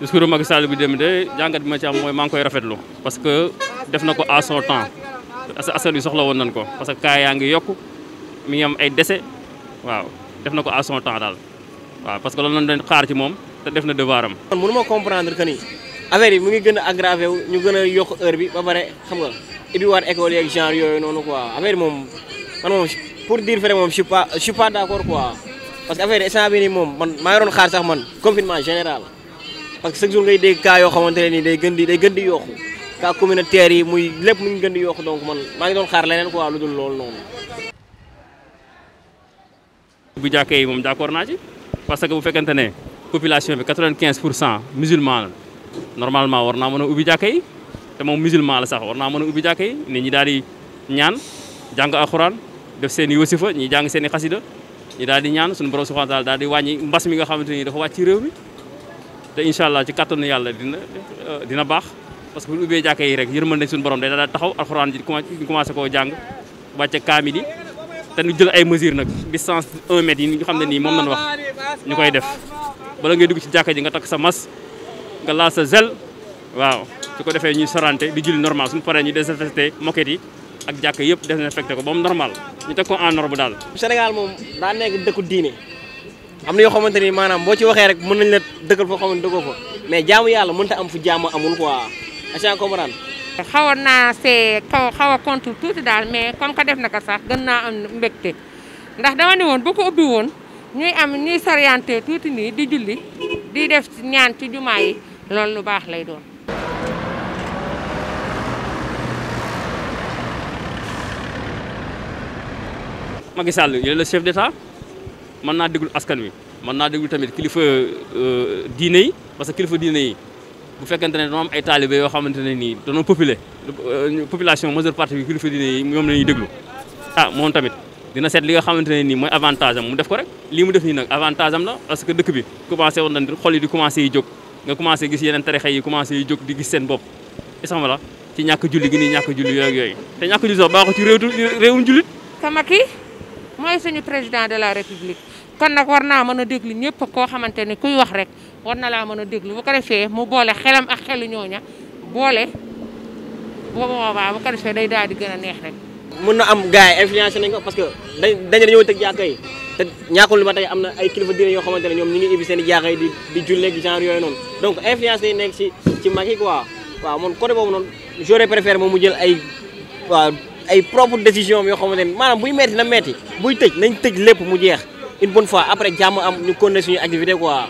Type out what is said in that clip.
discours Macky Sall bi dem de jàngat bi ma ci mooy maa ngi koy rafetlu parce que def na ko à son temps askan wi soxla woon nañ ko parce que cas yaa ngi yokk mi ngi ay décès waaw def na ko à son temps daal waaw parce que loolu lañ doon xaar ci moom te def na devoir am. ma comprendre que ni affaire yi mu ngi gën a ñu gën a yokk heure bi ba pare xam nga ibiwaat école yeeg genre yooyu noonu quoi affaire moom man moom pour dire vrai moom je suis pas je suis que affaire yi instant bii nii moom parce que chaque jour ngay dégg cas yoo xamante ne nii day gën di day gën di yokku cas communautaire yi muy lépp mu ngi gën di yokku man maa doon xaar leneen quoi lu loolu noonu. bu jàkkee yi moom d'accord naa ci parce que bu fekkente ne population bi 95 pour cent musulman la normalement war naa mën a ubbi jàkka te moom musulman la sax war naa mën a ubbi jàkka yi nit ñi daal di ñaan jàng alxuraan def seen i wasifa ñi jàng seen i xasida ñi daal ñaan suñu borom subhanahu wa taala di wàññi mbas mi nga xamante ni dafa wàcc ci réew mi te incha allah ci kàttanu yàlla dina euh, dina baax parce que bu ñu ubbee jàkka yi rek yërmande suñu borom day daal taxaw alxuraan ji ñu commencé koo jàng wàcce kaamil te ñu jël ay mesures nag distance 1 mètre yi ñu xam ne nii moom lañ wax ñu koy def bala ngay dugg ci jàkka ji nga takk sa mas nga laal sa gel waaw su ko defee ñuy sorante di julli normal suñu paree ñu désinfecté moquette yi ak jàkka yëpp désinfecté ko ba mu normal ñu teg ko en norme daal. Sénégal am na yoo xamante ni maanaam boo ci waxee rek mën nañ la dëkkal foo xamante dëggoo fa mais jaamu yàlla mënta am fu jaamu amul quoi achan comprendre xawoon naa see naa xaw a contre tuuti daal mais comme que def na ko sax gën naa am mbégte ndax dama ne woon ko ubbi woon ñuy am ñuy soriante tuuti nii di julli di def ñaan ci jumaa yi loolu lu baax lay doon Macky Sall il est le chef mën naa déglu askan wi mën naa déglu tamit kilifa euh, diine yi parce que kilifa diine yi bu fekkente ne dama am ay taalibe yoo xamante ne nii dañoo populé euh, population majeure partie bi kilifa diine yi ñoom la ñuy déglu ah moom tamit dina seet li nga xamante ne nii mooy avantage am mu def ko rek lii mu def nii nag avantage am la parce que dëkk bi commencé woon nañ xol yi di commencé yi jóg nga commencé gis yeneen tarixa yi commencé yi jóg di gis seen bopp is la julli gi nii ñàkk julli yooyu yooyu te mooy suñu président de la république kon nag war naa mën a déglu ñëpp koo xamante ne kuy wax rek war na laa mën a déglu bu ko defee mu boole xelam ak xelu ñooña boole boobu boobaa bu ko defee day daal di gën neex rek. mun na am gars yi nañ ko parce que dañ dañu dañoo tëj jàkka yi te ñàkkul ba tey am na ay kilifa diine yoo xamante ne ñoom ñu ngi ubbi seen i jàkka yi di di julleeg genre yooyu noonu donc influence day nekk ci ci mag yi quoi waaw man côté boobu noonu j'aurais mu jël ay waaw. ay propre décision yo xamné manam buy metti na metti buy tejj une bonne fois après on am ñu activité quoi